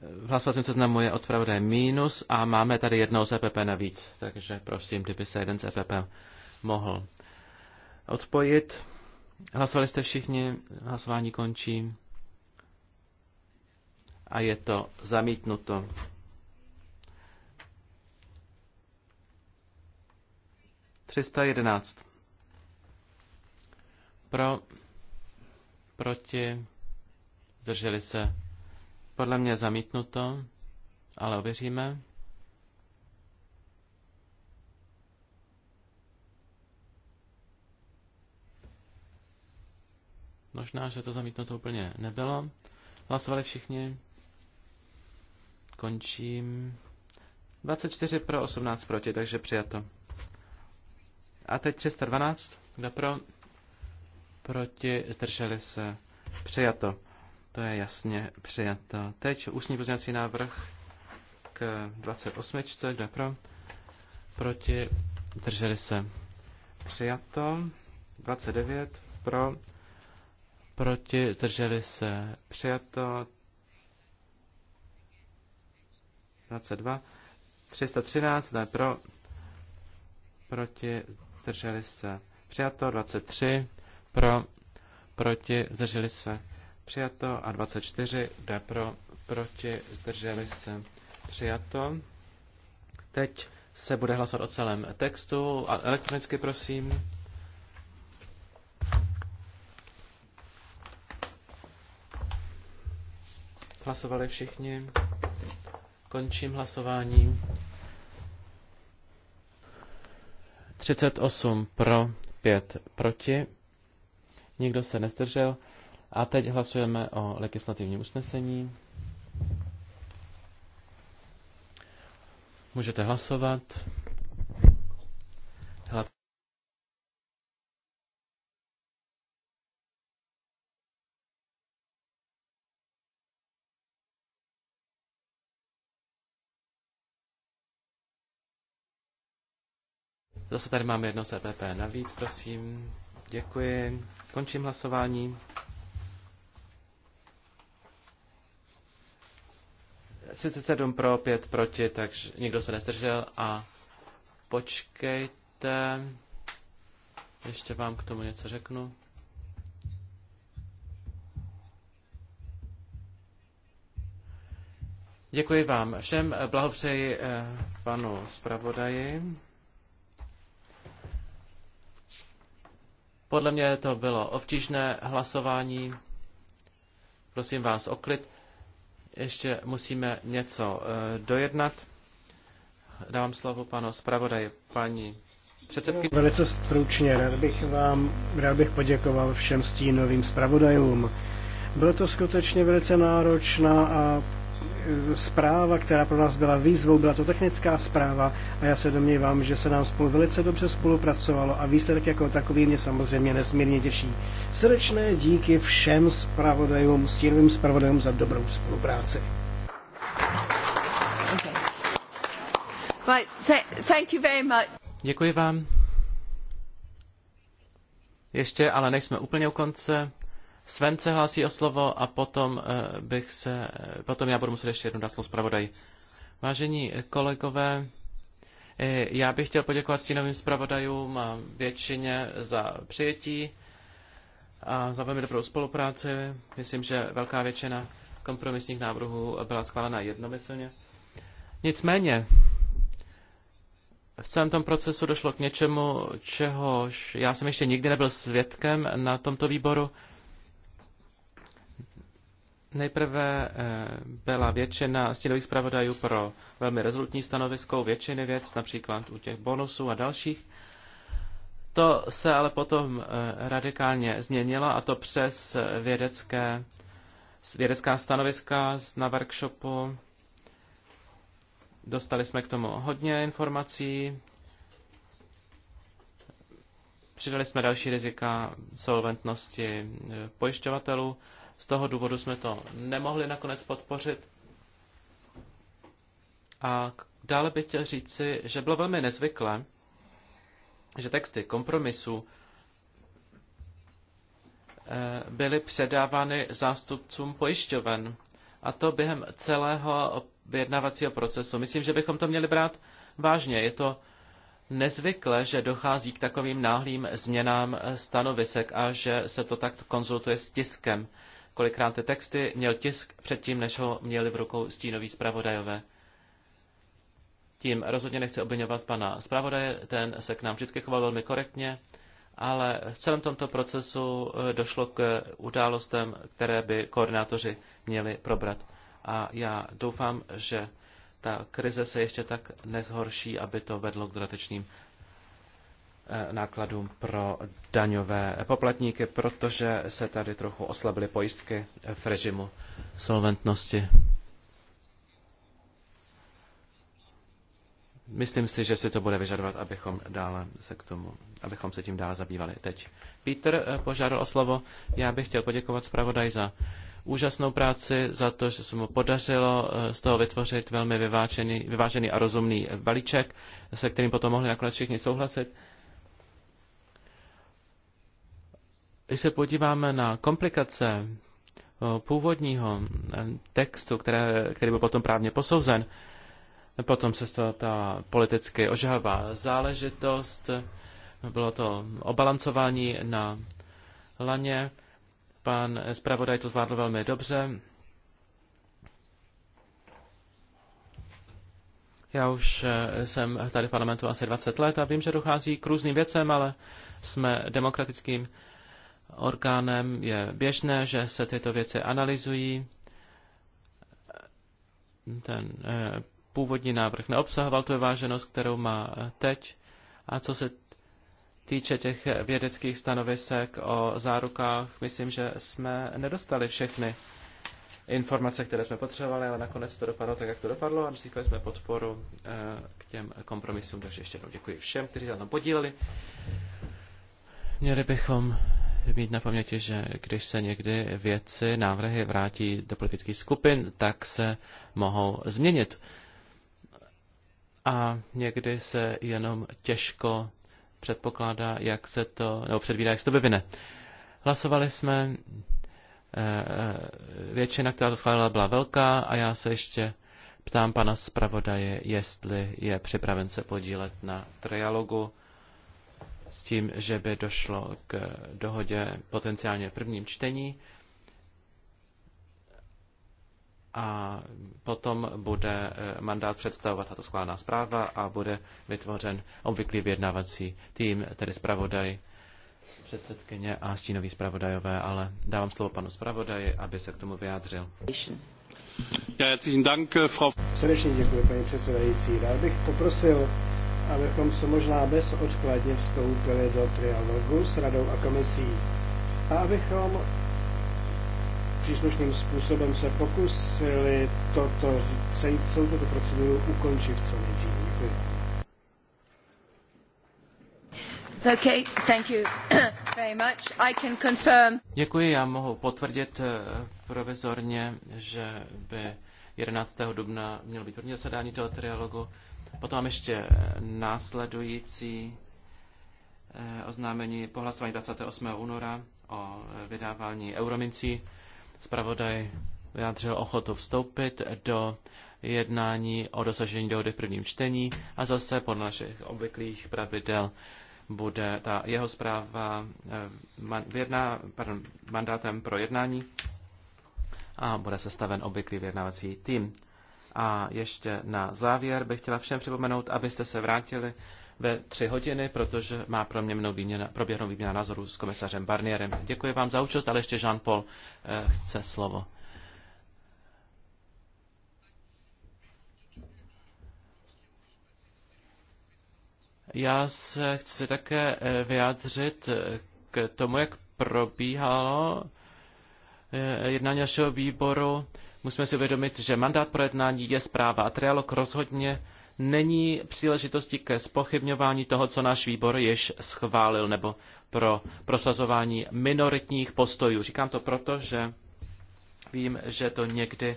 v eh, hlasovacím seznamu je od zpravodaje mínus a máme tady jednou z EPP navíc, takže prosím, kdyby se jeden z EPP mohl odpojit. Hlasovali jste všichni, hlasování končí a je to zamítnuto. Třista jedenáct. Pro, proti, drželi se podle mě zamítnuto, ale ověříme. Možná, že to zamítnuto úplně nebylo. Hlasovali všichni. Končím. 24 pro, 18 proti, takže přijato. A teď 312. Kdo pro? Proti, zdrželi se. Přijato. To je jasně přijato. Teď ústní pozměňovací návrh k 28. Kdo pro? Proti? Drželi se. Přijato. 29. Pro? Proti? Drželi se. Přijato. 22. 313. Ne pro? Proti? Drželi se. Přijato. 23. Pro? Proti? Zdrželi se přijato a 24 jde pro, proti, zdrželi se, přijato. Teď se bude hlasovat o celém textu, elektronicky prosím. Hlasovali všichni. Končím hlasování. 38 pro, 5 proti. Nikdo se nezdržel. A teď hlasujeme o legislativním usnesení. Můžete hlasovat. Zase tady máme jedno CPP e navíc, prosím. Děkuji. Končím hlasování. 37 pro, 5 proti, takže nikdo se nestržel a počkejte, ještě vám k tomu něco řeknu. Děkuji vám všem, blahopřeji eh, panu zpravodaji. Podle mě to bylo obtížné hlasování. Prosím vás o klid ještě musíme něco eh, dojednat. Dávám slovo panu zpravodaji, paní předsedky. Velice stručně, rád bych vám, rád bych poděkoval všem stínovým zpravodajům. Bylo to skutečně velice náročná a zpráva, která pro nás byla výzvou, byla to technická zpráva a já se domnívám, že se nám spolu velice dobře spolupracovalo a výsledek jako takový mě samozřejmě nesmírně těší. Srdečné díky všem zpravodajům, stínovým zpravodajům za dobrou spolupráci. Děkuji vám. Ještě ale nejsme úplně u konce. Sven se hlásí o slovo a potom eh, bych se, eh, potom já budu muset ještě jednou dát slovo zpravodaj. Vážení eh, kolegové, já bych chtěl poděkovat stínovým zpravodajům a většině za přijetí a za velmi dobrou spolupráci. Myslím, že velká většina kompromisních návrhů byla schválena jednomyslně. Nicméně, v celém tom procesu došlo k něčemu, čehož já jsem ještě nikdy nebyl svědkem na tomto výboru. Nejprve eh, byla většina stínových zpravodajů pro velmi rezolutní stanovisko, většiny věc, například u těch bonusů a dalších. To se ale potom eh, radikálně změnilo a to přes vědecké, vědecká stanoviska na workshopu. Dostali jsme k tomu hodně informací. Přidali jsme další rizika solventnosti eh, pojišťovatelů z toho důvodu jsme to nemohli nakonec podpořit. A dále bych chtěl říci, že bylo velmi nezvyklé, že texty kompromisu eh, byly předávány zástupcům pojišťoven. A to během celého vyjednávacího procesu. Myslím, že bychom to měli brát vážně. Je to nezvykle, že dochází k takovým náhlým změnám eh, stanovisek a že se to tak konzultuje s tiskem kolikrát ty texty měl tisk předtím, než ho měli v rukou stínoví zpravodajové. Tím rozhodně nechci obvinovat pana zpravodaje, ten se k nám vždycky choval velmi korektně, ale v celém tomto procesu eh, došlo k událostem, které by koordinátoři měli probrat. A já doufám, že ta krize se ještě tak nezhorší, aby to vedlo k dodatečným Eh, nákladům pro daňové poplatníky, protože se tady trochu oslabily pojistky v režimu solventnosti. Myslím si, že si to bude vyžadovat, abychom, dále se k tomu, abychom se tím dále zabývali. Teď Peter eh, požádal o slovo. Já bych chtěl poděkovat zpravodaj za úžasnou práci, za to, že se mu podařilo eh, z toho vytvořit velmi vyvážený, vyvážený a rozumný balíček, se kterým potom mohli nakonec všichni souhlasit. Když se podíváme na komplikace eh, původního eh, textu, které, který byl potom právně posouzen, potom se stala ta politicky ožahavá záležitost, bylo to obalancování na laně, pan zpravodaj to zvládl velmi dobře. Já už eh, jsem tady v parlamentu asi 20 let a vím, že dochází k různým věcem, ale jsme demokratickým orgánem, je běžné, že se tyto věci analyzují. Ten eh, původní návrh neobsahoval tu váženost, kterou má teď. A co se týče těch vědeckých stanovisek o zárukách, myslím, že jsme nedostali všechny informace, které jsme potřebovali, ale nakonec to dopadlo tak, jak to dopadlo a získali jsme podporu eh, k těm kompromisům, takže ještě jednou děkuji všem, kteří se na tom podíleli. Měli bychom mít na paměti, že když se někdy věci, návrhy vrátí do politických skupin, tak se mohou změnit. A někdy se jenom těžko předpokládá, jak se to, nebo předvídá, jak se to vyvine. Hlasovali jsme, eh, eh, většina, která to schválila, byla velká a já se ještě ptám pana zpravodaje, jestli je připraven se podílet na trialogu s tím, že by došlo k dohodě potenciálně v prvním čtení a potom bude eh, mandát představovat tato skládná zpráva a bude vytvořen obvyklý vyjednávací tým, tedy zpravodaj, předsedkyně a stínový zpravodajové, ale dávám slovo panu zpravodaji, aby se k tomu vyjádřil. Ja, herzlichen eh, Frau... Srdečně děkuji, paní předsedající. Rád bych poprosil abychom se možná bezodkladně vstoupili do trialogu s radou a komisí a abychom příslušným způsobem se pokusili toto, celou tuto proceduru ukončit co nejdříve. Děkuji. Okay, thank you very much. I can confirm. Děkuji, já mohu potvrdit eh, provizorně, že by 11. dubna mělo být první zasedání toho trialogu. Potom ještě eh, následující eh, oznámení po hlasování 28. února o eh, vydávání euromincí. Spravodaj vyjádřil ochotu vstoupit do jednání o dosažení dohody v prvním čtení a zase podle našich obvyklých pravidel bude ta jeho zpráva man, vědná, pardon, mandátem pro jednání a bude sestaven obvyklý vyjednávací tým. A ještě na závěr bych chtěla všem připomenout, abyste se vrátili ve tři hodiny, protože má pro mě mnou výměna, proběhnout výměna názorů s komisařem Barnierem. Děkuji vám za účast, ale ještě Jean-Paul eh, chce slovo. Já se chci také eh, vyjádřit eh, k tomu, jak probíhalo jednání našeho výboru Musíme si uvědomit, že mandát pro jednání je zpráva a trialog rozhodně není příležitosti ke spochybňování toho, co náš výbor již schválil, nebo pro prosazování minoritních postojů. Říkám to proto, že vím, že to někdy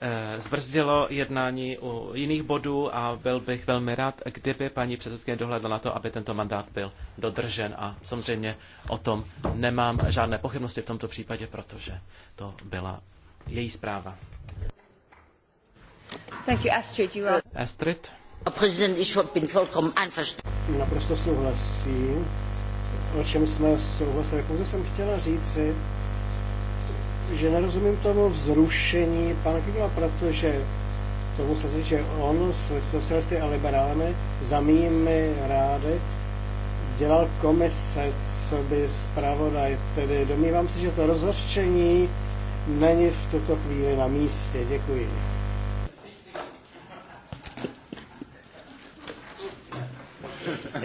eh, zbrzdilo jednání u jiných bodů a byl bych velmi rád, kdyby paní předsedkyně dohledla na to, aby tento mandát byl dodržen a samozřejmě o tom nemám žádné pochybnosti v tomto případě, protože to byla její zpráva. Thank you, Astrid. You are... Astrid. Naprosto souhlasím. O čem jsme souhlasili. Pouze jsem chtěla říci, že nerozumím tomu vzrušení pana Kigla, protože tomu říct, že on s socialisty a liberálemi za mými rády dělal komise, co by zpravodaj. Tedy domnívám se, že to rozhořčení není v tuto chvíli na místě. Děkuji.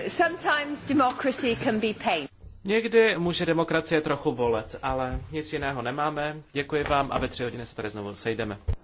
Sometimes democracy can be pain. Někdy může demokracie trochu bolet, ale nic jiného nemáme. Děkuji vám a ve tři hodiny se tady znovu sejdeme.